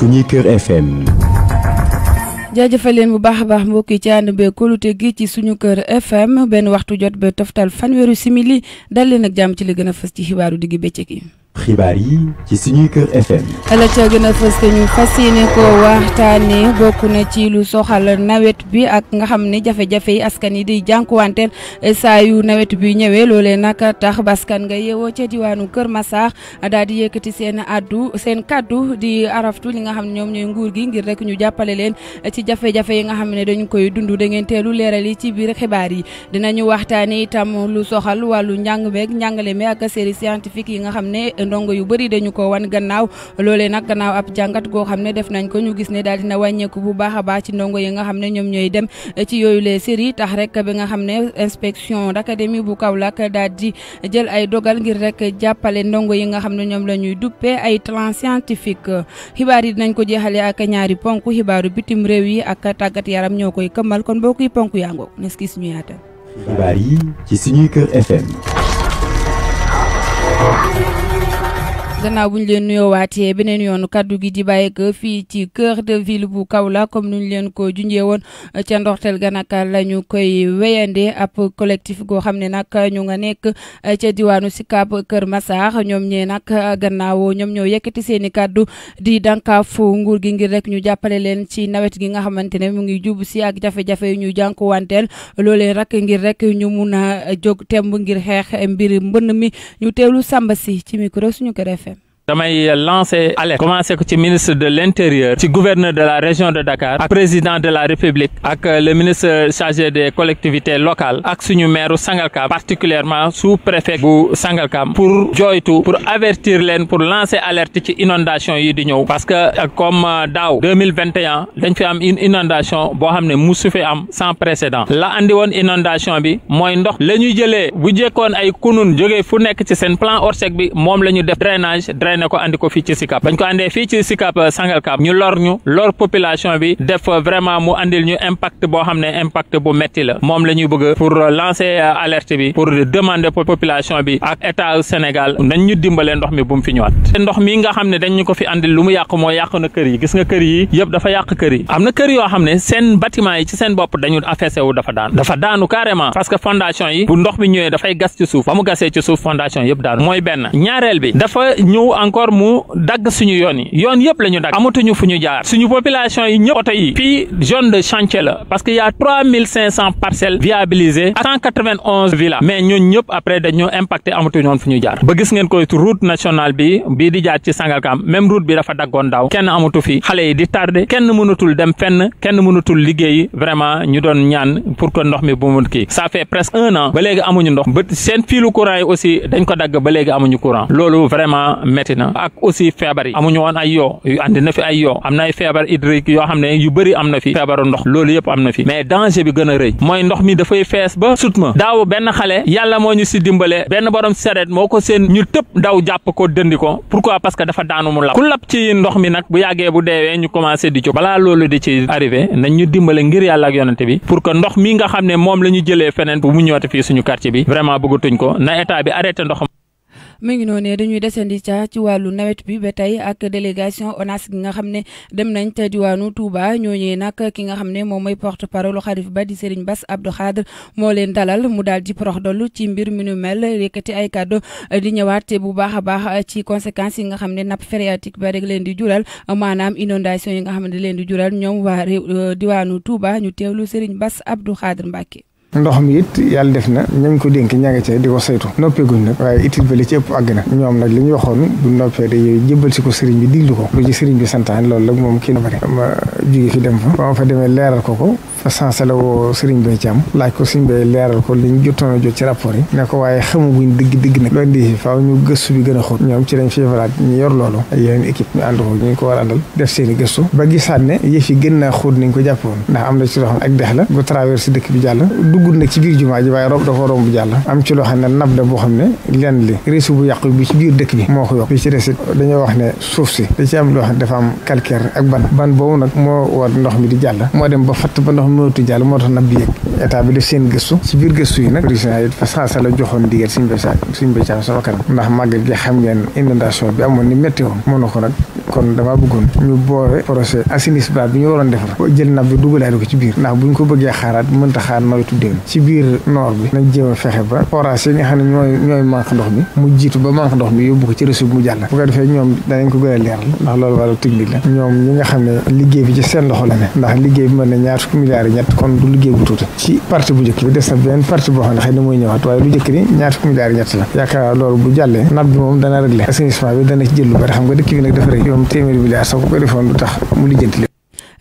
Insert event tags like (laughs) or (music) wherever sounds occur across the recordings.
suñuy leen bu baax a baax mbokki yi ci ànd bee kóolute gi ci suñu kër FM benn waxtu jot ba toftal fanweeru simili dal leen ak jàmm ci li gën a fës ci xibaaru digg bëccëg yi. xibaar yi ci suñuy kër FM. la ca gën a fës te ñu fas yéene ko waxtaanee bokk na ci lu soxal nawet bi ak nga xam ne jafe-jafe yi askan yi di jànkuwanteel saa yu nawet bi ñëwee loolee nag tax baskan nga yeewoo ca diwaanu Kër Massar daal di yëkkati seen addu seen kàddu di araftu li nga xam ne ñoom ñooy nguur gi ngir rek ñu jàppale leen ci jafe-jafe yi nga xam ne dañu koy dund da ngeen teelu leeral yi ci biir xibaar yi dinañu waxtaanee itam lu soxal njàng meeg njàngale yi nga ndongo yu bari dañu ko wan gannaaw loolee nag gannaaw ab jàngat goo xam ne def nañ ko ñu gis ne daal dina wàññeeku bu baax a baax ci ndongo yi nga xam ne ñoom ñooy dem ci yooyu les séries tax rek bi nga xam ne inspection d'académie bu Kaolack daal di jël ay dogal ngir rek jàppale ndongo yi nga xam ne ñoom lañuy ñuy duppee ay talent scientifique xibaar yi dinañ ko jeexale ak ñaari ponk xibaaru bitim réew yi ak tàggat yaram ñoo koy këmmal kon boo koy ponk yaa ngoog ki suñu gannaaw bu ñu leen nuyoowaatee beneen yoonu kaddu gi di bàyyeek fii ci cœur de ville bu Kaolack comme nu ñu leen ko junjee woon ca ndorteel ga nag la ñu koy wéyande ab collectif goo xam ne nag ñu nga nekk ca diwaanu Sicap Kër Massar ñoom ñee nag gannaaw ñom ñoo yëkkati seen i kaddu di dànkaafu ngur gi ngir rek ñu jàppale leen ci nawet gi nga xamante ne mu ngi jub si ak jafe-jafe ñu jànkuwanteel loolee rek ngir rek ñu mun a jóg temb ngir xeex mbir mbënn mi ñu teewlu Samba si ci micro suñu ko damay lancer alerte ci ministre de l' intérieur ci gouverneur de la région de Dakar ak président de la république ak euh, le ministre chargé des collectivités locales ak suñu maire Sangalkam particulièrement sous préfet bu Sangalkam pour jooytu pour avertir leen pour lancer alerte ci inondation yi di ñëw parce que euh, comme euh, daaw dañ fi am inondation boo xam ne musu fi am sans précédent la andi woon inondation bi mooy ndox la ñu jëlee bu jëkkoon ay kunun jógee fu nekk ci seen plan Orsec bi ne ko andi ko fii ci Sicap bañ ko andee fii ci Sicap euh, Sangalkam ñu lor ñu lor population bi def euh, vraiment mu andil ñu impact boo xam ne impact bu metti la moom la ñuy bëgg pour euh, lancer alerte bi pour demander population bi ak état Sénégal nañ ñu dimbale ndox mi bu mu fi ñëwaat ndox mi nga xam ne dañ ñu ko fi andil lu mu yàq moo yàq na kër yi gis nga kër yi yëpp dafa yàq kër yi am na kër yoo xam ne seen bâtiment yi ci seen bopp dañu affaissé wu dafa daanu dafa daanu carrément parce que fondation yi ndox mi ñëwee dafay gas ci mu gasee ci suuf fondation yëpp daanu mooy benn ñaareel encore mu dagg suñu yoon yi yoon yëpp la ñu dagg amatuñu fu ñu jaar suñu population yi ñëpp oto yi fii zone de chantier la parce que y a trois mille cinq cent parcelles viabilisées ak cent quatre vingt onze villas mais ñun ñëpp après dañoo impacté amatuñu woon fu ñu jaar ba gis ngeen koy route nationale bi bii di jaar ci Sangalkam même route bi dafa daggoon daaw kenn amatu fi xale yi di tardé kenn mënatul dem fenn kenn mënatul liggéey vraiment ñu doon ñaan pour que ndox mi bu mu kii ça fait presque un an ba léegi amuñu ndox ba seen fiilu courant yi aussi ko na ak aussi feebar yi amuñu woon ay yoo yu andi na fi ay yoo am na xam ne yu bëri am na fi feebaru ndox loolu yëpp am na fi mais danger bi gën a rëy mooy ndox mi dafay fees ba sut ma daaw benn xale yàlla moo ñu si dimbale benn borom sareet moo ko seen ñu tëb daw jàpp ko dëndi ko pourquoi parce que dafa daanu mu lab ku lab ci ndox mi nag bu yàggee bu deewee ñu commencé di jóg balaa loolu di ci arrivé nañ ñu dimbale ngir yàlla ak yonante bi pour que ndox mi nga xam ne moom la ñu jëlee feneen bu mu ñëwaat fii suñu quartier bi vraiment bëggatuñ ko na état bi arrêté ndox mu ngi noonu dañuy desandi ca ci wàllu nawet bi ba tey ak délégation ONAS gi nga xam ne dem nañ te diwaanu Touba ñooñee nag ki nga xam ne moom mooy porte parole xalif ba di Serigne Bass Abdou Khadre moo leen mu daal di prox dollu ci mbir mi nu mel yëkkati ay kàddu di ñëwaat bu baax a baax ci conséquences yi nga xam ne nappe phréatique ba rek leen di jural maanaam inondation yi nga xam ne leen di jural ñoom waa diwaanu Touba ñu teewlu Serigne Bass Abdou Khadre Mbacké ndox mi it yàlla def na ñañ ko dénk ña nga ca di ko saytu noppeeguñ nag waaye itil ba li ci ëpp àgg na ñoom nag li ñu waxoon bu noppee day jébbal si ko sëriñ bi diglu ko lu ci sëriñ bi santaan loolu nag moom kii na bari dem fa fa demee leeral ko ko fa sensé la woo sëriñ bay ci am laaj ko sëriñ bay leeral ko li ñu jotoon a jot ci rapport yi ne ko waaye xamaguñ dëgg dëgg nag loolu di ñu gën a xóot ñoom ci lañ fiivalaat ñu yor loolu ak yeneen équipe ñu ànd ko ñu ko war def seen gëstu ba gisaat ne yëf yi gën naa xóot nañ ko jàppoon ndax am na ci loo xam ak dex la bu traversé dëkk bi jàll duggul nag ci biir jumaa ji waaye bu da ci am loo xam ne dafa am calcaire ak ban ban boobu nag moo ba fatt ba ndox mi mënatu jàll moo tax nab def seen gëstu ci biir gëstu yi nag fa sansa la joxoon ndigal suñ béysaa suñ kanam ndax màggal gi xam ngeen inondation bi amoon ni métti woon mun nag kon dama bëggoon ñu boore projet assainissement bi ñu waroon defar jël nab bi dugalaale ko ci biir ndax buñ ko bëggee xaaraat mënta xaar nawetu Pikine ci biir nord bi nañ jéem fexe ba forage yi nga xam ne ñooy ñooy manque ndox bi mu jiitu ba manque ndox bi yóbbu ko ci réseau mu jàll bu ko defee ñoom parti boo xam ne xëy na mooy ñëwaat waaye lu njëkk ni ñaar fukki milliards ñett la yaakaar loolu bu jàllee nat bi moom dana réglé assainissement bi dana jël lu bari xam nga dëkk bi nag dafa rëy yoom téeméeri milliards sax ko ko defoon lu tax mu lijjanti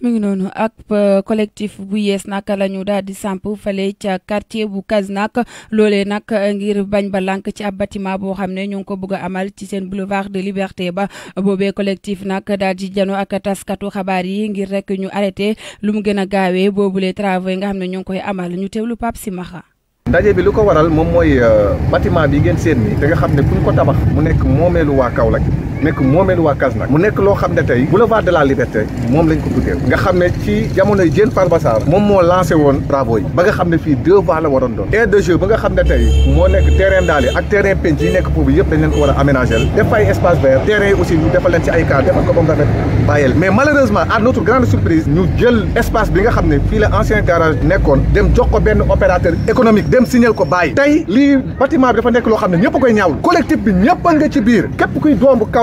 mi ngi noonu ak euh, collectif bu yees nag la ñu daal di samp fale ca quartier bu nak loole euh, nag ngir bañ ba lànk ci ab bâtiment boo xam ne ñu ngi ko bëgg a amal ci seen boulevard de liberté ba boobee collectif nag daal di jano ak taskatu xabaar yi ngir rek ñu arrêté lu mu gën a gaawee boobule travaux nga xam ne ñu ngi koy amal ñu teewlu Pape Simaxa ndaje bi lu ko waral moom mooy euh, bâtiment bi ngeen seen ni te nga xam ne buñ ko tabax mu nekk moomeelu waa Kaolack nekk moomeelu waa Kasnack mu nekk loo xam ne tey boulevard de la liberté moom lañ ko tuddee nga xam ne ci jamonoy Diène Farba Sarr moom moo lancé woon travaux yi ba nga xam ne fii deux voies la waroon doon aire de jeu ba nga xam ne tey moo nekk terrain daal yi ak terrain penc yi nekk foofu yëpp dañ leen war a aménager def ay espace vert yi aussi ñu defal ci ay cadre defal ko ba rafet bàyyeel mais malheureusement à notre grande surprise ñu jël espace ne fii la ancien garage dem jox ko benn opérateur économique dem loo xam ne ñëpp koy ñaawul collectif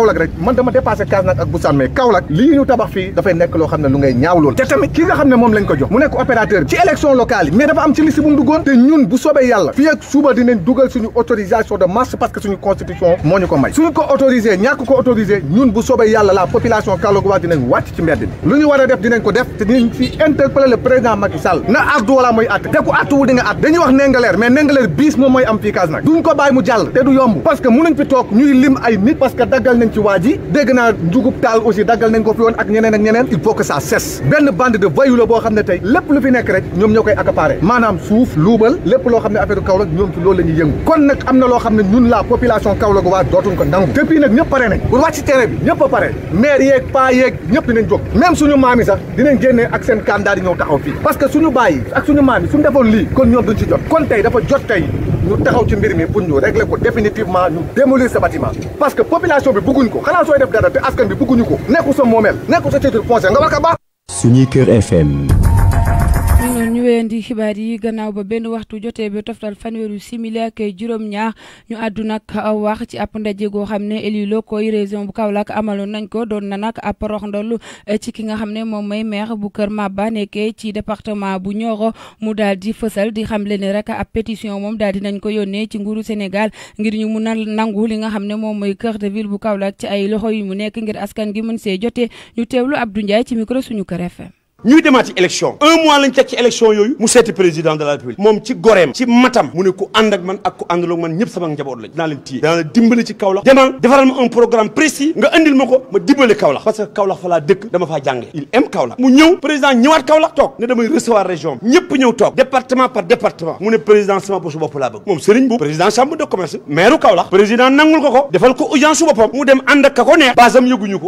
Kaolack man dama dépassé Kasnack ak Boussaane mais Kaolack lii ñu tabax fii dafay nekk loo xam ne lu ngay ñaawlool te tamit ki nga xam ne moom lañ ko jox mu nekk opérateur ci élection locale mais dafa am ci liste bu mu duggoon te ñun bu soobee parce que suñu constitution moo ñu ko may suñu ko autorisé ñàkk ko autorisé ñun bu soobee yàlla la population Kaolack waa dinañ wàcc ci mbedd bi lu ñu war a def dinañ ko def te dinañ fi fi toog ci waa ji dégg naa dugub taal aussi daggal nañ ko fi woon ak ñeneen ak ñeneen il faut que ça cesse benn bande de voyous la boo xam ne tey lépp lu fi nekk rek ñoom ñoo koy accaparé maanaam suuf luubal lépp loo xam ne affaire Kaolack ñoom ci loolu la yëngu kon nag am na loo xam ne ñun la population Kaolack waa dootuñ ko nangu depuis nag ñëpp pare nañ pour wàcc ci terrain bi ñëpp pare maire yeeg paa yeeg ñëpp dinañ jóg même suñu maam yi sax dinañ génnee ak taxaw fii parce que suñu baay ak suñu maam yi suñu defoon lii kon ñoom duñ ci jot ñu taxaw ci mbir mi pour ñu régler ñu démolir ce parce que population bi bëgguñ ko xanaa sooy def dara te askan bi bëgguñu ko nekku sa moomeel nga war ka baax wéyandi xibaar yi gannaaw ba benn waxtu jotee ba toftal fanweeru simili ak juróom-ñaar ñu àddu nag wax ci ab ndaje xam ne élus locaux région bu Kaolack amaloon nañ ko doon na nag ab roxndol ci ki nga xam ne moom mooy maire bu Kër Maba nekkee ci département bu Nioro mu daal di fësal di xamle ne rek ab pétition moom daal di nañ ko yónnee ci nguuru Sénégal ngir ñu mu a nangu li nga xam ne moom mooy cœur de bu Kaolack ci ay loxo yi mu nekk ngir askan gi mën see jotee ñu teewlu Abdou Ndiaye ci micro suñu Kër ñuy demaat ci élection un mois lañ teg ci élection yooyu mu seeti président de la république moom ci goreem ci matam mu ne ku ànd man ak ku àndaloo man ñëpp sama njaboot lañ dinaa ko ma dimbali Kaolack fa laa il aime Kaolack mu ñëw président ñëwaat Kaolack toog ne damay recevoir région ñëpp ñëw toog département par département mu ne président sama poche bopp laa bëgg moom Serigne président chambre de commerce maire Kaolack président nangul ko ko defal ko audience su mu dem ànd ka ko neex basam yëguñu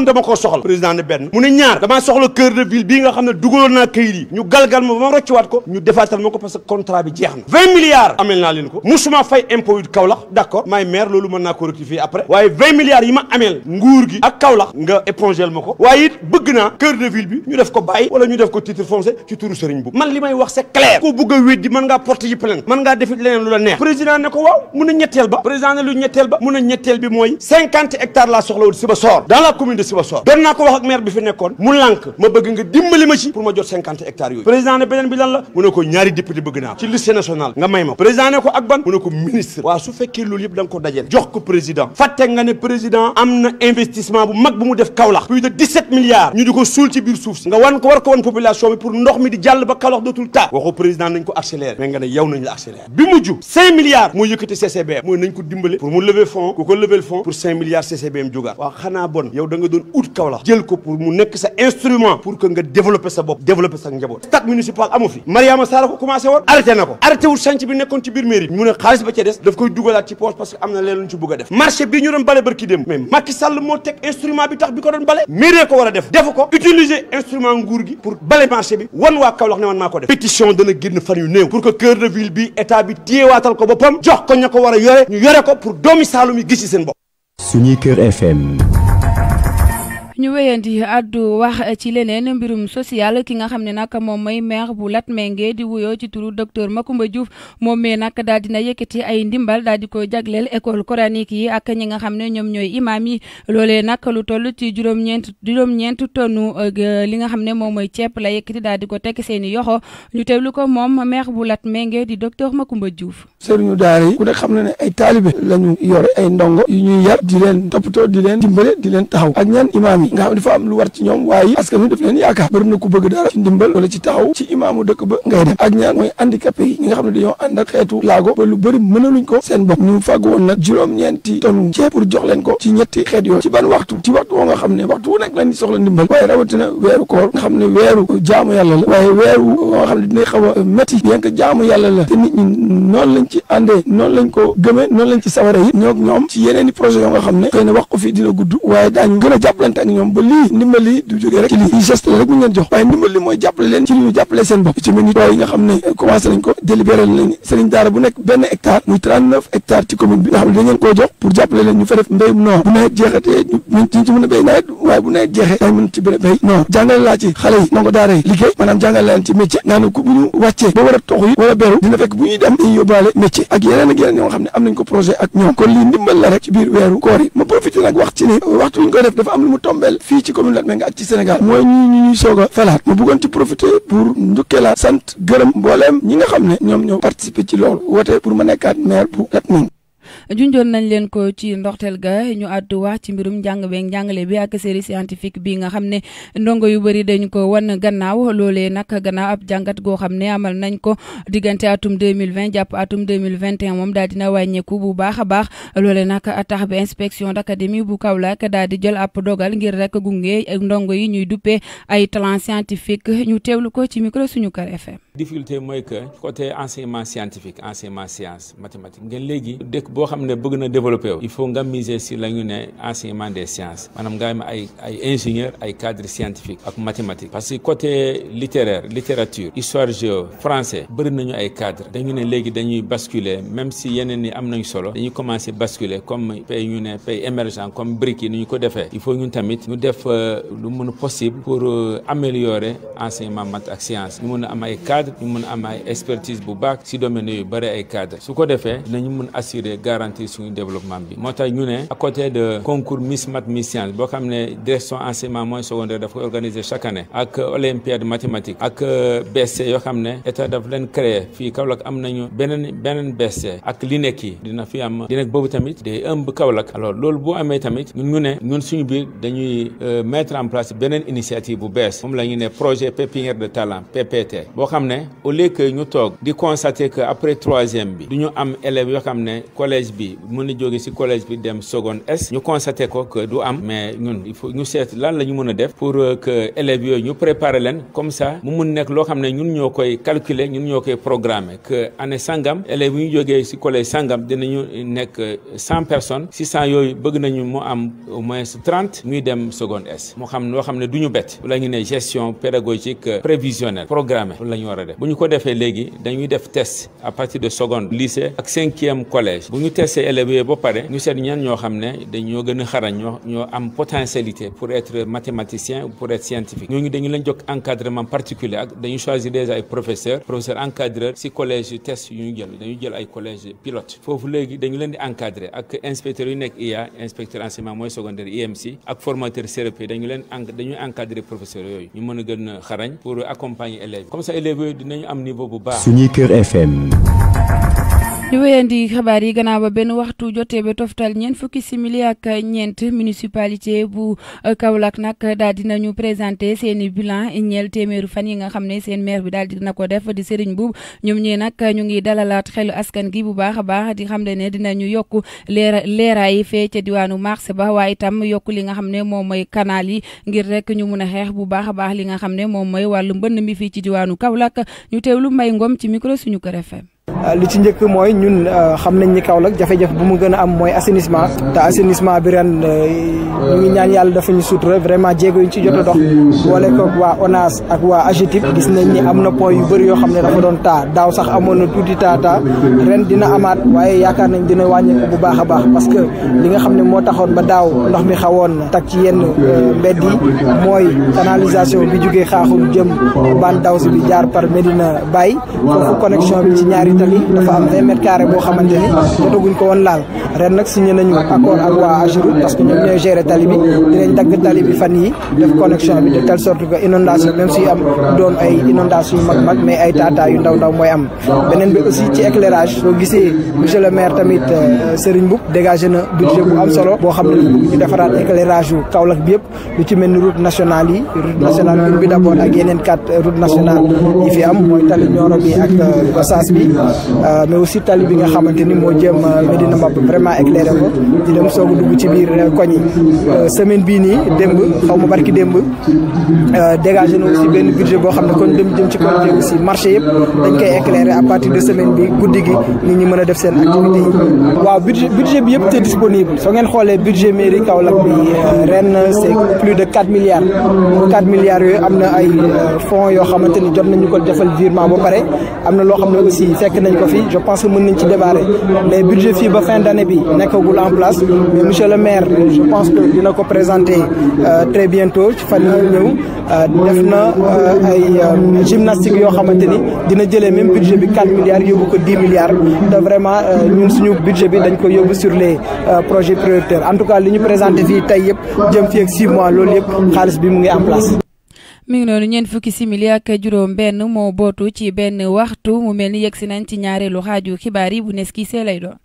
ñëwoon mu ne ñaar damaa soxla cœur de ville bii nga xam ne dugaloon naa këyit yi ñu galgal ma ba ma rocciwaat ko ñu defaatal ma ko parce que contrat bi jeex na vingt milliards amel naa leen ko musuma fay impôt yu d'accord maay maire loolu mën naa ko rectifier après waaye vingt milliards yi ma ameel nguur gi ak Kaolack nga épongel ma ko waaye it bëgg naa cœur de ville bi ñu def ko bàyyi wala ñu def ko titre foncier ci turu Serigne Mboup man li may wax c'est a weddi mën ngaa commune de Sibassor doon ko wax ak maire bi fi nekkoon mu lànk ma bëgg nga dimbali ma ci pour ma jot cinquante yooyu président ne beneen bi lan la mu ne ko ñaari député bëgg naa ci liste nationale nga may ma président ne ko ak ban mu ne ko ministre waaw su fekkee loolu yëpp da ko dajeel jox ko président fàtte nga ne président am na investissement bu mag bu mu def Kaolack plus de 17 milliards ñu di suul ci biir suuf si nga wan ko war ko wan population nga doon ut Kaolack jël ko pour mu nekk sa instrument pour que nga développer sa bopp développer sa njaboot stade municipal amu fi Mariama Sarr ko commencé woon arrêté na ko arrêté wul chantier bi nekkoon ci biir mairie mu ne xaalis ba ca des daf koy dugalaat ci poche parce que am na leen luñ ci bëgg a def marché bi ñu doon bale barki dem mais Macky Sall moo teg instrument bi tax bi ko doon bale marché bi wan waa Kaolack ne man maa ko def pétition dana génn ñu wéyandi addu wax ci leneen mbirum social ki nga xam ne nag moom mooy maire bu Latmingué di wuyoo ci turu docteur Macoumba Diouf moom mee nag daal dina yëkkati ay ndimbal daal di ko jagleel école coranique yi ak ñi nga xam ne ñoom ñooy imaam yi loolee nag lu toll ci juróom-ñeent juróom-ñeent tonnu euh, li xam ne moom mooy ceeb la yëkkati daal di ko tekk seeni yoxo ñu teewlu ko moom maire bu Latmingué di docteur Macoumba Diouf. sëriñu daara yi ku ne xam na ne ay taalibe lañu yore ay ndongo yu ñuy yar di leen toppatoo dimbale di leen taxaw ak ñaan mi nga xam dafa am lu war ci ñoom waaye askan wi daf leen yaakaar bëri bëgg dara ci ndimbal wala ci taaw ci imaamu dëkk ba nga xam ne dañoo ànd ak xeetu laago ci ñetti xeet yooyu la waaye weeru woo nga xam ne dina a ko gëmee noonu lañ ci saware yi ñoom ci yeneeni projet yoo nga xam ne xëy na wax dina gudd waaye daañu gën a jàppalante ak ñoom ba lii ndimbali du jógee rek ci lii geste la rek mu ngeen jox waaye ndimbali mooy jàppale leen ci li ñu jàppale seen bopp ci ni eh, ñu fa def a béy nawet waaye xam ne am nañ ko projet ak ñoom kon lii ndimbal la rek ci biir weeru koor yi ma profité waxtu ñu koy def dafa am lu mu tombé fii ci commune Latmingué ak ci Sénégal mooy ñi ñu ñuy soog a ma bëggoon ci profiter pour njukkee la sant gërëm mbooleem ñi nga xam ne ñoom ñoo participer ci lool woote pour ma nekkaat maire bu Latmingué junjoon nañ leen ko ci ndorteel ga ñu àddu wax ci mbirum njàng beeg njàngale bi ak série scientifique bi nga xam ne ndongo yu bëri dañ ko wan gannaaw loolee nag gannaaw ab jàngat goo xam ne amal nañ ko diggante atum 2020 jàpp atum 2021 moom daal dina wàññeeku bu baax a baax loole nag tax ba inspection d'académie bu Kaolack daal di jël app dogal ngir rek gunge ndongo yi ñuy duppee ay talent scientifique ñu teewlu ko ci micro suñu kër FM. difficulté mooy que côté enseignement scientifique enseignement science mathématique ngeen xam ne bëgg na développé wu il faut nga miser si la ñu ne enseignement des sciences maanaam nga ay ay ay cadre scientifique ak mathématique parce que côté littéraire littérature histoire géo français bëri nañu ay cadre dañu ne léegi dañuy basculer même si yeneen ni am nañ solo dañuy commencé basculer comme pays ñu ne pays émergent comme BRIC yi ni ñu ko defee il faut ñun tamit ñu def euh, lu mun possible pour euh, améliorer enseignement math ak science ñu mën a am ay cadre ñu mën a am bu baax si domaine yu bëri ay cadre garantir suñu développement bi moo tax ñu ne à côté de concours Miss Math Miss Science boo xam ne direction enseignement moyen secondaire daf koy organiser chaque année ak olympiade mathématique ak euh, BSC yoo ne état daf leen créer fii Kaolack am nañu beneen beneen BSC ak li dina fi am dina boobu tamit day ëmb Kaolack alors loolu bu amee tamit ñun ñu ne ñun suñu biir dañuy euh, mettre en place beneen initiative bu bees moom la ñu ne projet pépinière de talent PPT boo xam ne au ñu toog di constater que bi mën a jóge si collège bi dem seconde S ñu constaté ko que du am mais ñun il faut ñu seet lan la ñu mën a def pour que élèves yooyu ñu préparer leen comme ça mu mun nekk loo xam ne ñun ñoo koy calculer ñun ñoo koy programmer que sangam élèves yu ñu jógee si collège sangam dinañu nekk cent personnes six cent yooyu bëgg nañu mu am au moins trente muy dem seconde S moo xam loo xam ne du ñu bett la ñu ne gestion pédagogique prévisionnelle programmée la ñu war a def bu ñu ko defee léegi dañuy def test à partir de seconde lycée ak cinquième collège bu ñu test tester élèves yooyu ba pare ñu seet ñan ñoo xam ne dañoo gën a xarañ ñoo ñoo am potentialité pour être mathématicien ou pour être scientifique ñooñu dañu leen jox encadrement particulier ak dañu choisir déjà ay professeur professeur encadreur si collège yu test ñu jël dañu jël ay collège pilote foofu léegi dañu leen di encadrer ak inspecteurs yu nekk IA inspecteur enseignement mooy secondaire IMC ak formateur CRP e dañu leen dañu encadrer professeur yooyu ñu mën a gën a xarañ pour accompagner élèves comme ça élèves yooyu ñu wéyandi xabaar yi gannaaw ba benn waxtu jotee ba toftal ñeent fukki simili ak ñeent municipalité bu euh, Kaolack nag daal dinañu présenté seen i bilan ñeel téeméeru fan yi nga xam ne seen maire bi daal dina ko def di Serigne Boub ñoom ñii nag ñu ngi dalalaat xelu askan gi bu baax a baax di xam le ne dinañu yokk leer leeraay fee ca diwaanu marché ba waaye itam yokk li nga xam ne moom mooy yi ngir rek ñu mun a xeex bu baax a baax li nga xam ne moom mooy wàllu mbënn mi fii ci diwaanu Kaolack ñu teewlu Mbaye Ngom ci micro suñu Kër Euh, li ci njëkk mooy ñun euh, xam nañ ni Kaolack jafe-jafe bu mu gën a am mooy assainissement te assainissement bi ren euh, ñu ngi ñaan yàlla dafa ñu sutura vraiment jéego yi ci jot a dox boole ko waa ONAS ak waa AGETIP gis nañ ni am na point yu bëri yoo xam ne dafa doon taa daaw sax amoon na tuuti taa taa ren dina amaat waaye yaakaar nañ dina wàññeeku bu baax a baax parce que li nga xam ne moo taxoon ba daaw ndox mi xawoon tak ci yenn mbedd yi mooy canalisation bi jugee xaaxul jëm baan daw si bi jaar par Medina Italie dafa am 20 mètres carrés boo xamante ni jotaguñ ko woon laal ren nag signé nañu accord ak waa AGEROUTE parce que ñoom ñooy gérer tali bi dinañ dagg tali bi fan yi def connexion bi de telle sorte que inondation même suy am doon ay inondation mag mag mais ay taataa yu ndaw ndaw mooy am beneen bi aussi ci éclairage soo gisee monsieur maire tamit euh, Serigne Mboup dégagé na budget bu am solo boo xam ne bëgg ñu defaraat éclairage yu Kaolack bi yëpp lu ci mel ni route nationale yi route nationale bi d'abord ak yeneen quatre route nationale yi fi am mooy tali Nioro Euh, mais aussi tali bi nga xamante ni moo jëm euh, Medina Mbab vraiment éclairé ko di dem soog dugg ci biir euh, koñ yi semaine bii nii démb xaw ma barki démb dégagé na aussi benn budget boo xam ne kon dem jëm ci côté aussi marché yëpp dañ koy éclairé à partir de semaine bi guddi gi nit ñi mën a def seen activité yi waaw budget bi yëpp te disponible soo ngeen xoolee budget mairie Kaolack bi ren c'est plus de quatre milliards quatre milliards yooyu am na ay fonds yoo xamante ni jot nañu ko defal virement ba pare am na loo fekk nañ ko fi je pense que mën nañ ci débarrer mais budget fii ba fin d' ne bi nekkagul en place mais monsieur le maire je pense que dina ko présenter euh, très bientôt ci fan yii ñëw euh, def na euh, ay gymnastique yoo xamante ni dina jëlee même budget bi 4 milliards yóbbu ko 10 milliards te vraiment ñun suñu budget bi dañ ko yóbbu sur les projets prioritaires en tout cas li ñu présenté fii tey yëpp jëm fii ak 6 mois loolu yëpp xaalis bi mu ngi en place. mi ngi noonu ñeent fukki simili ak juróom-benn moo bootu ci benn waxtu mu mel ni yegg si nañ ci ñaareelu xaaju xibaar yi bu nes kii see lay doon.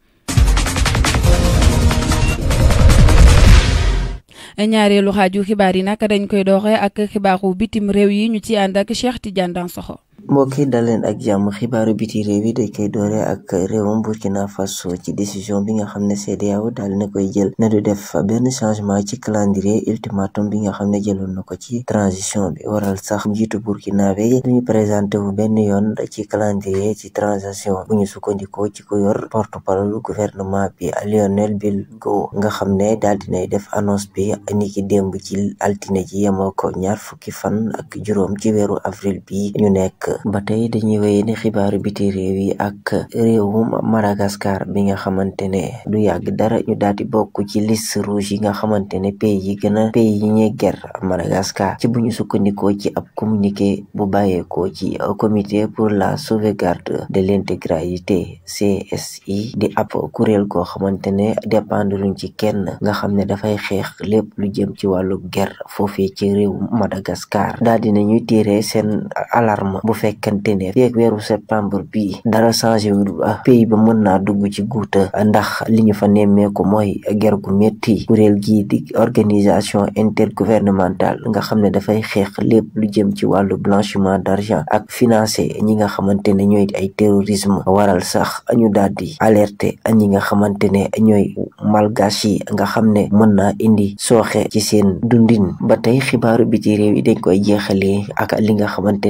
ñaareelu xaaju xibaar yi nag dañ koy doxe ak xibaaru bitim réew yi ñu ci ànd ak Cheikh Tidiane soxo mbokki daleen ak jàmm xibaaru biti réew yi dañ koy doore ak réewum Burkina Faso ci décision bi nga xam ne CEDEAO daal na koy jël na du def benn changement ci calendrier ultimatum bi nga xam ne jëloon na ko ci transition bi waral sax njiitu Burkina bi duñu présenté wu benn yoon ci calendrier ci transition bu ñu sukkandikoo ci ko yor porte-parole gouvernement bi Lionel Bilgo nga xam ne daal dinay def annonce bi ni ki démb ci altine ji yemoo ko ñaar fukki fan ak juróom ci weeru avril bi ñu nekk nekk ba tey dañuy wéy ni xibaaru biti réew yi ak réewum Madagascar bi nga xamante ne du yàgg dara ñu daal di bokk ci list rouge yi nga xamante ne pays yi gën a pays yi ñuy ger Madagascar ci bu ñu sukkandikoo ci ab communiqué bu bàyyeekoo ci comité pour la sauvegarde de l'intégralité CSI di ab kuréel goo xamante ne dépendre luñ ci kenn nga xam ne dafay xeex lépp lu jëm ci wàllu ger foofee ci réewum Madagascar daal dinañuy tiire seen alarme bu fekkante ne feeg weeru septembre bii dara changé wul pays ba mën naa dugg ci guuta ndax li ñu fa nemmeeku mooy ger gu métti kuréel gii di organisation intergouvernementale nga xam ne dafay xeex lépp lu jëm ci wàllu blanchiment d'argent ak financé ñi nga xamante ne ñooy ay terrorisme waral sax ñu daal di alerter ñi nga xamante ne ñooy malgache yi nga xam ne mën naa indi sooxe ci seen dundin ba tey xibaaru bi ci réew yi dañ koy jeexalee ak li nga xamante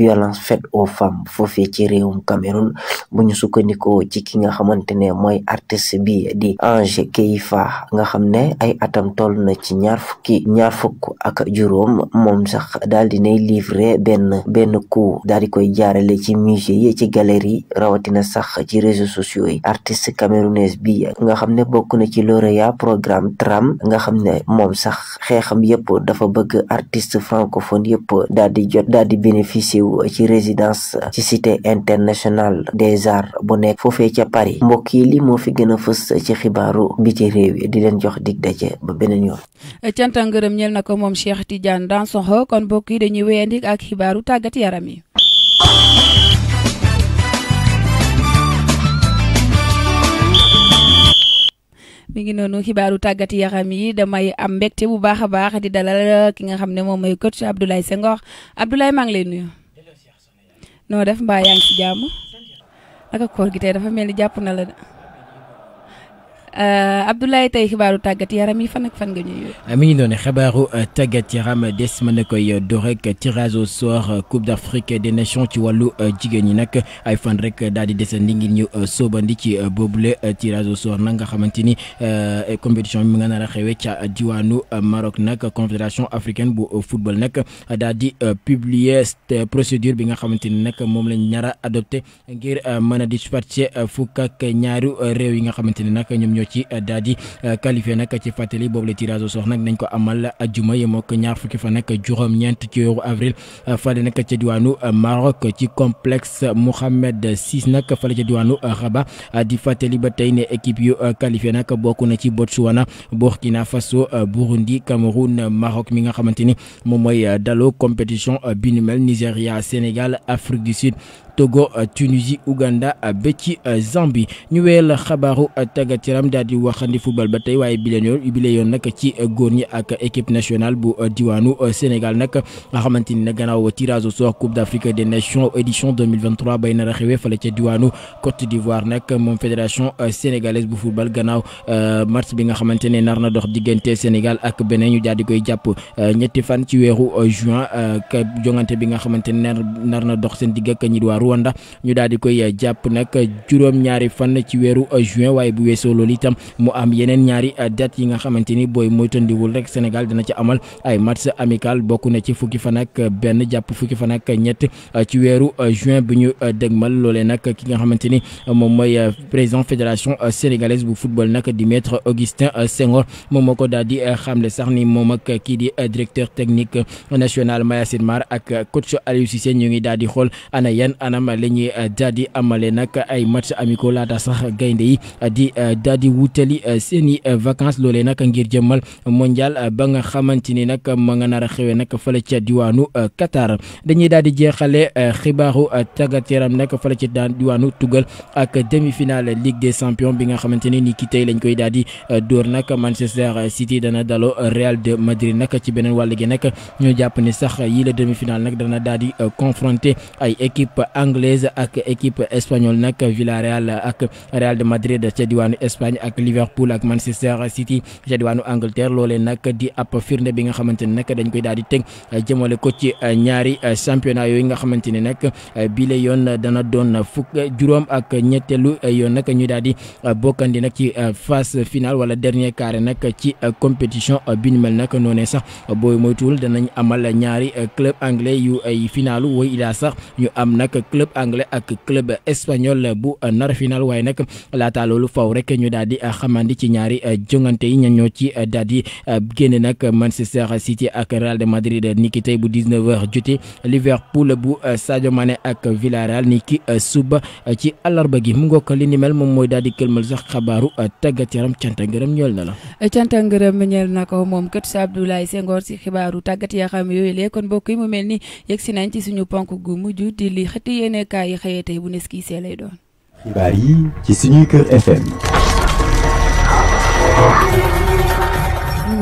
violence faite aux femmes foofee ci réewum Cameroun bu ñu sukkandikoo ci ki nga xamante ne mooy artiste bi di Ange Keifa nga xam ne ay atam toll na ci ñaar fukki ñaar fukk ak juróom moom sax daal di nay livré benn benn coup daal di koy jaarale ci musée yi ci galerie rawatina sax ci réseaux sociaux yi artiste camerounaise bi nga xam ne bokk na ci lauréat programme tram nga xam ne moom sax xeexam yëpp dafa bëgg artiste francophone yëpp daal jot daal bénéficier yóbbu ci résidence ci cité internationale des arts bu nekk foofee ca Paris mbokk yi li moo fi gën a fës ci xibaaru bi ci réew yi di leen jox dig daje ba beneen yoon. cant ak ngërëm ñeel na ko moom Cheikh Tidiane Dansokho kon mbokk yi dañuy wéyandi ak xibaaru tàggat yaram yi. mi ngi noonu xibaaru tàggat yaram yi am mbégte bu baax a baax di dalal ki nga xam ne moom mooy coach Abdoulaye Senghor Abdoulaye maa ngi lay noo def mbaa yaa ngi si koor gi tey dafa mel ni jàpp na la de. Euh, Abdoulaye tey xibaaru tàggat yaram yi fan ak fan nga ñuy yóbbu. Ah, mi ngi doon xibaaru euh, tàggat yaram des mën na koy euh, door rek tirage au sort Coupe d'Afrique des Nations ci wàllu jigéen ñi nag ay fan rek daal di desandi ngir ñu sóobandi ci boobule tirage au sort nag nga xamante ni compétition bi mu nga nar a xewee ca diwaanu Maroc nag confédération africaine bu football nag daal di publier procédure bi nga xamante ni nag moom la ñaar a adopté ngir mën a dispatché ñoo ci eh, daal di eh, qualifié nag ci fàttali boobu le tirage au sort nag nañ ko amal ajuma yi mook ñaar fukki fan ak juróom-ñeent ci weeru avril eh, fale nag ca diwaanu Maroc ci complexe Mohamed VI nag fale ca diwaanu Rabat di fàttali ba tey ne équipe yu qualifié nag bokk na ci Botswana Burkina Faso Burundi Cameroun Maroc mi nga xamante ni moom mooy daloo compétition bi nu mel Afrique du Sud Togo euh, Tunisie Ouganda euh, ba ci euh, Zambie ñu weel xabaaru tàggat yaram di waxandi football ba tey waaye bi leen yoon bi leen yoon nag ci góor ñi ak équipe nationale bu diwaanu Sénégal nag nga xamante gannaaw tirage au sort Coupe d'Afrique des Nations édition bay nar a xewee fële ca diwaanu Côte d'Ivoire nag moom fédération sénégalaise bu football gannaaw match bi nga xamante ne nar na dox diggante Sénégal ak Bénin ñu daal di koy jàpp ñetti fan ci weeru juin jongante Rwanda ñu daal di koy jàpp nag juróom-ñaari fan ci weeru juin waaye bu weesoo loolu itam mu am yeneen ñaari date yi nga xamante ni booy moytandiwul rek Sénégal dina ci amal ay match amical bokk na ci fukki fan ak benn jàpp fukki fan ak ñett ci weeru juin bu ñu dégmal loole nag ki nga xamante ni moom mooy président fédération sénégalaise bu football nag di maître Augustin Senghor moom moo ko daal di xamle sax ni moom ak kii di directeur technique national Mayacine Mar ak coach Aliou Cissé ñu ngi daal di xool ana yan anam la ñuy euh, daal di amale nag ay match amicaux laata sax euh, euh, seen i vacances loolee nag ngir jëmmal mondial ba nga xamante ni nag ma nga nar a xewee nag fële ca diwaanu Qatar dañuy daal di jeexale xibaaru tàggat yaram nag fële ca daan diwaanu Tugal ak demi-finale Ligue des champions bi nga xamante ni ni ki tey lañ koy daal di dóor nag Manchester City dana dalo Real de Madrid nag ci beneen wàll gi nag ñoo jàpp ni sax yi la demi-finale nag dana daal di confronter ay équipe anglaise ak équipe espagnole nag Villarreal ak Real de Madrid ca diwaanu ak Liverpool ak Manchester City ca Angleterre loolee nag di ab firnde bi nga xamante ne nag dañ koy daal di teg jëmale ko ci eh, ñaari eh, championnat yooyu nga xamante ne nag eh, bile yoon dana doon fukk juróom ak ñetteelu yoon nag ñu daal di bokkandi nag ci phase final wala dernier carré nag ci compétition bi ñu mel nag noonee sax booy moytuwul danañ amal ñaari club club anglais ak club espagnol bu nar final waaye nag laata loolu faw rek ñu daal di xamandi ci ñaari jongante yi ñoo ci daal di génne nag Manchester City ak Real de Madrid ni ki tey bu 19h jotee Liverpool bu Sadio Mané ak Villarreal ni ki suba ci àllarba gi mu ngokk li ni mel moom mooy daal di këlmal sax xabaaru tàggat yaram canta ngërëm ñeel na la. canta ngërëm ñeel na ko moom kët sa Abdoulaye Senghor si xibaaru tàggat yaram yooyu lee yéenekaay yi xëyee te bu nes kii see lay doon. xibaar yi ci suñuy kër FM.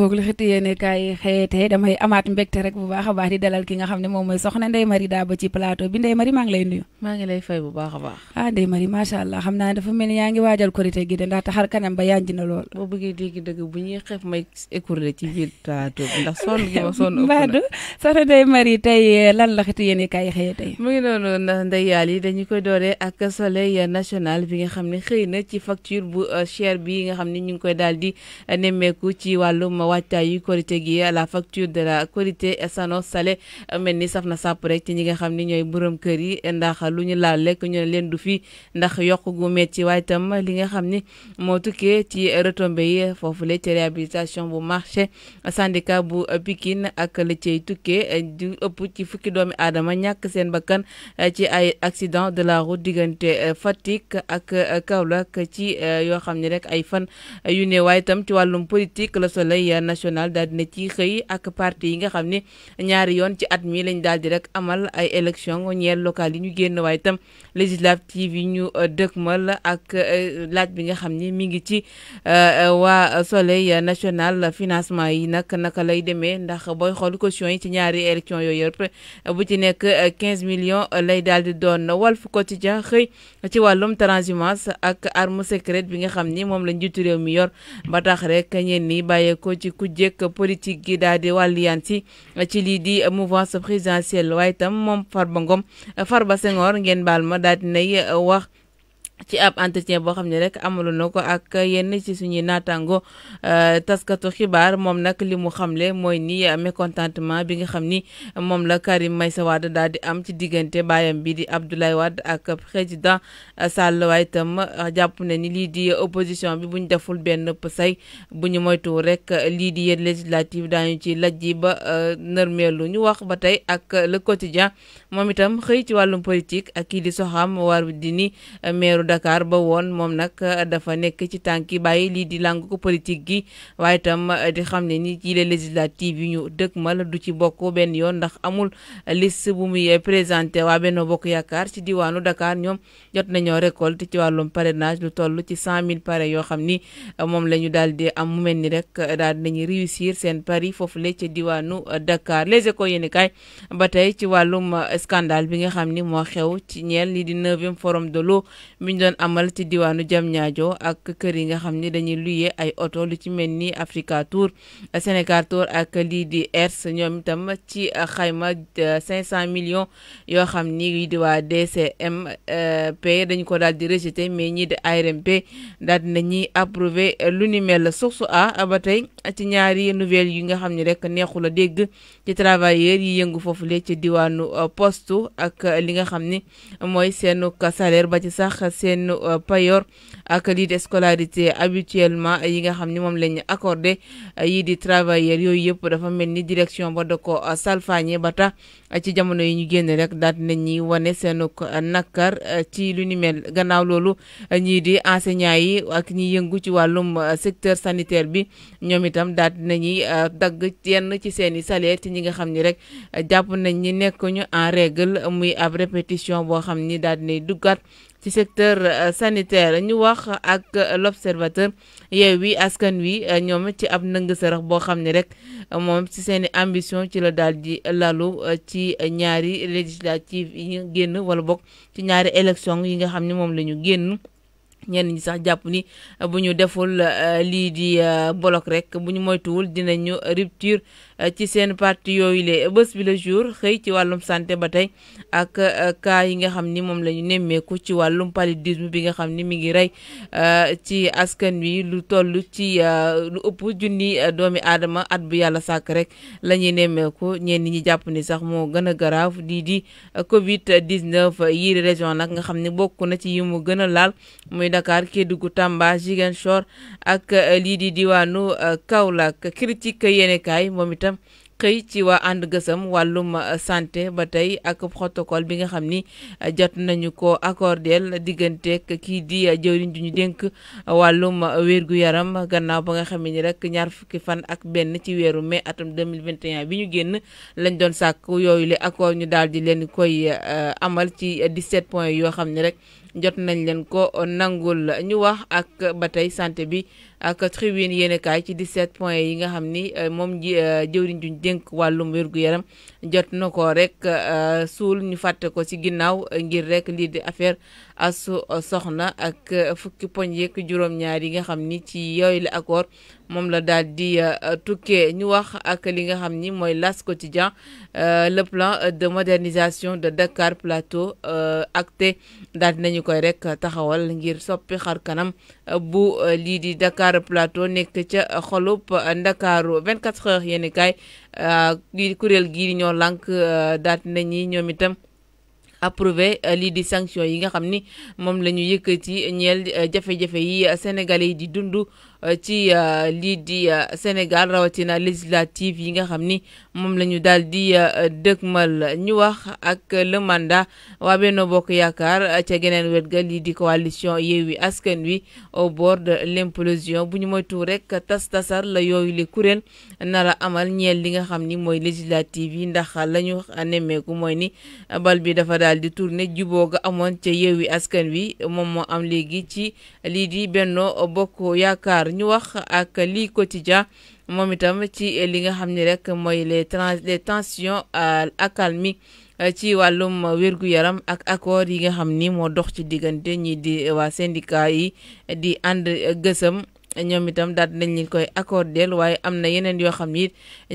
donc li xëti yéene kaay xëyete damay amaat mbégte rek bu baax a baax di dalal ki nga xam ne moom mooy soxna Ndeye Marie Daba ci plateau bi Ndeye Marie maa ngi lay nuyu maa ngi lay bu baax a ah, ba yanj na lool boo bëggee dégg dëgg bu ñuy xef may écourlé ci biir plateau bi ndax sonn gi ma sonn (laughs) mbaadu soxna eh, national bi nga xam ne xëy na ci facture bu euh, cher bi nga xam ne ñu ngi koy daal di euh, nemmeeku ci wàllum wàccaayu korité gi la facture de la korité sano sale mel ni saf na sàpp rek ci ñi nga xam ni ñooy borom kër yi ndax lu ñu laal lekk ñu ne leen du fi ndax yokk gu metti waaye tam li nga xam ni moo tukkee ci retombées yi foofule ci réhabilitation bu marché syndicat bu Pikine ak la cay tukkee du ëpp ci fukki doomi aadama ñàkk seen bakkan ci ay accident de la route diggante Fatick ak Kaolack ci euh, yoo xam ne rek ay fan yu ne waaye itam ci wàllum politique la Soleil nationale daal dina ci xëy ak parti yi nga xam ne ñaari yoon ci at mi lañ daal di rek amal ay élection ñeel locale yi ñu génn waaye itam législative yi ñu euh, dëgmal ak euh, laaj bi nga xam ni mi ngi ci euh, waa soleil national financement yi nag naka lay demee ndax booy xool caution yi ci ñaari élection yooyu yëpp bu ci nekk quinze millions lay daal di doon Walf Quotidien xëy ci wàllum transhumance ak arme secrète bi nga xam ni moom la njiitu réew mi yor ba tax rek ñeen ci kujjeg politique gi daal di wàlliyaan si ci lii di mouvance présidentielle waaye itam moom Farba Ngom Farba Senghor ngeen baal ma daal di nay wax ci ab entretien boo xam ne rek amaloon na ko ak yenn ci suñuy naataango euh, taskatu xibaar moom nag li mu xamle mooy ni euh, mécontentement bi nga xam ni moom la Karim may Wade daal di am ci diggante baayam bi di Abdoulaye Wade ak président euh, Sall waaye itam jàpp na ni lii di opposition bi bu ñu deful benn say bu ñu moytuwul rek lii di yéen législative daañu ci lajji ba nërmeelu ñu wax ba tey ak le quotidien moom itam xëy ci wàllum politique ak kii di di ni eh, meeru dakaar ba woon moom nag eh, dafa nekk ci tànki bàyyi lii di làng ko politique gi waaye itam eh, di xam ne ni ci les législatives yi ñu dëkkmal du ci bokk benn yoon ndax amul list bu muy présenté waa benn Bokk Yaakaar ci diwaanu dakaar ñoom jot nañoo récolte ci wàllum parrainage lu toll ci cent mille pare yoo xam ni moom la ñu daal di am mu mel ni rek daal di nañu réussir seen pari foofu la ca diwaanu Dakar ci wàllum scandale bi nga xam ni moo xew ci ñeen lii di neuvième forum de l'eau mi ñu doon amal ci diwaanu jam ñaajoo ak kër yi nga xam ni dañuy luye ay oto lu ci mel ni Africa Tour Sénégal Tour ak lii di Ers ñoom itam ci xayma euh, cinq cent millions yoo xam ni lii di waa DCMP dañu ko daal di rejeté mais ñii di ARMP daal di nañuy approuvé lu ni mel la source a ba tey ci ñaari nouvelle yi nga xam ni rek neexu la dégg. ci travailleurs yi yëngu foofu le ci diwaanu euh, poste ak euh, li nga xam ni mooy seenu salaire ba ci sax seen euh, payoor ak lii di scolarité habituellement yi nga xam ni moom lañ accordé yii di travailleurs yooyu yëpp dafa mel ni direction ba da ko salfaañe ba tax ci jamono yi ñu génn rek daat nañ ñi wane seenu nakar ci lu ni mel gannaaw loolu ñii di enseignants yi ak ñi yëngu ci wàllum secteur sanitaire bi ñoom itam daat nañuy dagg yenn ci seeni salaire ñi nga xam ni rek jàpp nañ ñi nekkuñu en règle muy ab répétition boo xam ni daal dinay duggaat ci secteur euh, sanitaire ñu wax ak euh, l'observateur Yewwi Askan Wi euh, ñoom ci ab nëng sarax boo xam ne rek moom ci seeni ambition ci la daal di lalu ci ñaari législative yi génn wala bokk ci ñaari élection yi nga xam ne moom la ñu génn ñenn ñi sax jàpp ni bu ñu deful lii di bloc rek bu ñu moytuwul dinañu rupture Euh, ci seen parti yooyu le bés bi le jour xëy ci wàllum santé ba tey ak euh, cas yi nga xam ni moom la ñu nemmeeku ci wàllum paludisme bi nga xam ni mu ngi rey euh, ci askan wi lu toll ci lu ëpp junni doomi aadama at bu yàlla sàkk rek la ñuy nemmeeku ñenn ñi jàpp ni sax moo gën a garaaw lii di Covid 19 yii région nag nga xam ne bokk na ci yi mu gën a laal muy duggu Kédougou Tamba Ziguinchor ak lii di diwaanu Kaolack critique yenekaay moom itam itam xëy ci waa ànd gësam wàllum euh, santé ba tey ak protocole bi nga xam ni euh, jot nañu ko accordeel diggante kii di euh, jëwriñ du ñu dénk wàllum wér-gu-yaram gannaaw ba nga xam ni rek ñaar fukki fan ak benn ci weeru mai atum 2021 bi ñu génn lañ doon sàkk yooyu le accord ñu daal di leen koy amal ci 17 points yoo xam ni rek jot nañ leen ko nangul ñu wax ak ba tey santé bi ak tribune yéenekaay ci 17 points yi nga xam ni euh, moom ji euh, jëwriñ juñ dénk wàllum wér-gu-yaram jot na ko rek euh, suul ñu fàtte ko ci ginnaaw ngir rek lii di affaire a soxna ak fukki poñ yeeg juróom-ñaar yi nga xam ni ci yooyu la accord moom la daal di euh, tukkee ñu wax ak li nga xam ni mooy L'As Quotidien euh, le plan de modernisation de Dakar Plateau euh, acté daal nañu koy rek taxawal ngir soppi xar kanam bu lii di Dakar Plateau nekk ca xolub Ndakaaru 24 heures yéen kaay kuréel gi ñoo lànk daal nañu ñoom itam. approuvé lii di sanction yi nga xam ni moom la ñu yëkkati ñeel jafe-jafe yi Sénégalais yi di dundu Euh, ci euh, lii di euh, Sénégal rawatina législative yi nga xam ni moom la ñu daal di dëgmal ñu wax ak le mandat waa Benno Bokk Yaakaar ca geneen wet ga lii di coalition Yewwi Askan Wi au bord l'implosion bu ñu moytu rek tas-tasar la yooyu li kuréel nara amal ñeel li nga xam ni mooy législative yi ndax lañu ñu nemmeeku mooy ni bal bi dafa daal di tourner juboo ga amoon ca Yewwi Askan Wi moom moo am léegi ci lii di Benno Bokk Yaakaar ñu wax ak lii quotidien moom itam ci li nga xam ni rek mooy les trans les tensions euh, accalmie euh, ci wàllum wér yaram ak accord yi nga xam ni moo dox ci diggante ñi di waa syndicat yi di ànd gësëm ñoom itam daal nañ leen koy accordel waaye am na yeneen yoo xam ni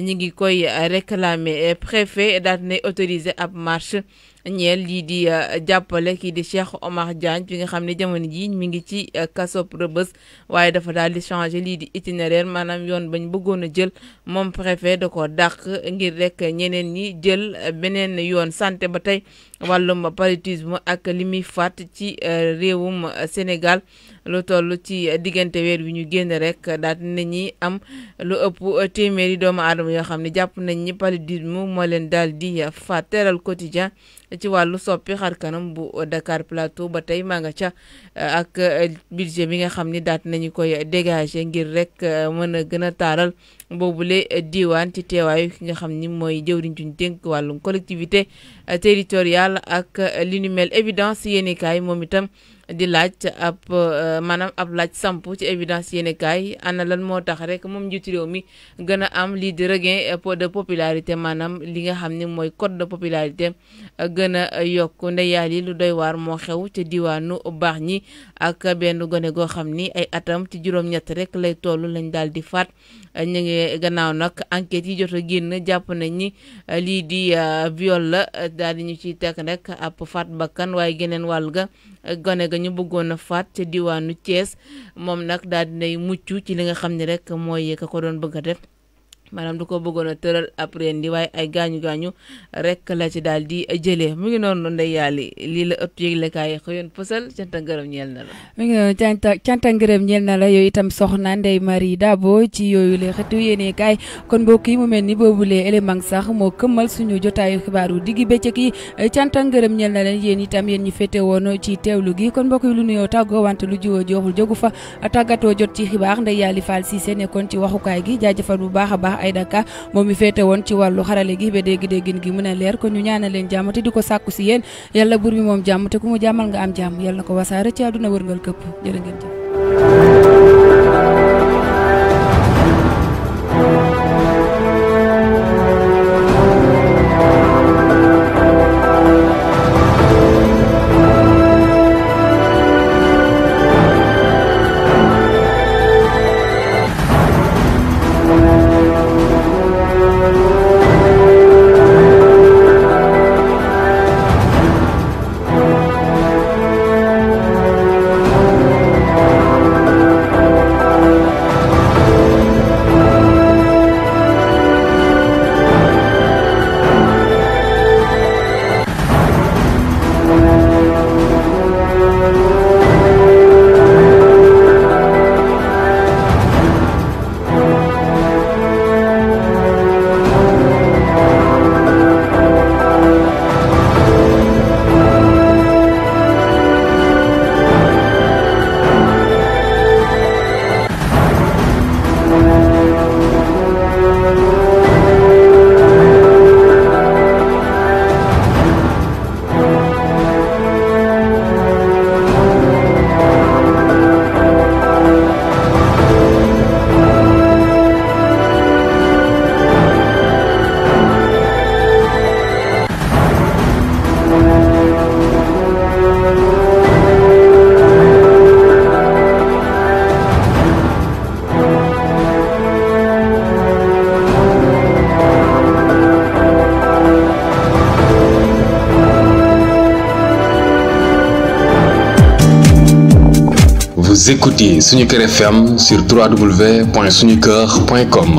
ñu ngi koy réclamer préfet daal nay autoriser ab marche ñeel lii di euh, jàppale kii di Cheikh Omar Diagne bi nga xam ne jamono jii mi ngi ci euh, kaso Rebeuss waaye dafa daal di changé lii di itinéraire maanaam yoon bañ bëggoon a jël moom préfet da ko dàq ngir rek ñeneen ñi jël euh, beneen yoon sante ba tey wàllum paludisme ak li muy faat ci réewum Sénégal lu toll ci diggante weer wi ñu génn rek daal nañuy am lu ëpp téeméeri doomu aadama yoo xam ne jàpp nañ ni paludisme moo leen daal di faat teral quotidien ci wàllu soppi xar kanam bu Dakar Plateau ba tey maa nga ca eh, ak eh, budget bi nga xam ni daat nañu koy dégager ngir rek eh, mën a gën a taaral boobule eh, diwaan ci teewaayu ki nga xam ni mooy jëwriñ juñ dénk wàllum collectivité eh, territoriale ak eh, li nu mel évidence yéenekaay moom itam di laaj ab maanaam ab laaj samp ci évidence yéenekaay ana lan moo tax rek moom njiitu réew mi gën a am lii di regain de popularité maanaam li nga xam ne mooy code de popularité gën a yokk ndeyaal yi lu doy waar moo xew ca diwaanu baax ñi ak benn gone goo xam ni ay atam ci juróom-ñett rek lay toll lañ daal di faat ñu ngi gannaaw nag enquête yi jot a génn jàpp nañ ni euh, lii di euh, viol la euh, daal di ñu ciy teg rek app faat bakkan waaye geneen wàll ga gone ga ñu bëggoon a faat ca diwaanu Thiès moom nag daal nay mucc ci li nga xam ne rek mooy a ko doon bëgg a def maanaam du ko bëggoon a tëral après ndi waaye ay gaañu gaañu rek la ci daal di jëlee mu ngi noonu ndey yàlli lii la ëpp yëglekaay xëyoon fësal canta ngërëm ñeel na la. mi ngi noonu canta canta ngërëm ñeel na la yooyu itam soxna Ndeye Marie Dabo ci yooyu la xetu yéene kaay kon mbokk yi mu mel ni boobulee élément sax moo këmmal suñu jotaayu xibaaru diggi bëccëg yi canta ngërëm ñeel na leen yéen itam yéen ñi féete woon ci teewlu gi kon mbokk yi lu nuyoo tàggoo wante lu jiwoo joxul jógu fa tàggatoo jot ci xibaar Ndeye Yali Fall Cissé nekkoon ci waxukaay gi jaajëfal bu baax a baax Aïda Ka moom mi féete woon ci wàllu xarale gi ba dégg-déggin gi mën a leer ko ñu ñaanal leen jàmm te di ko sàkku si yéen yàlla buur bi moom jàmm te ku mu jàmmal nga am jàmm yàlla na ko wasaare ci àdduna wërngal këpp jërë ngeen ci suñu kër FM sur www.suñuker.com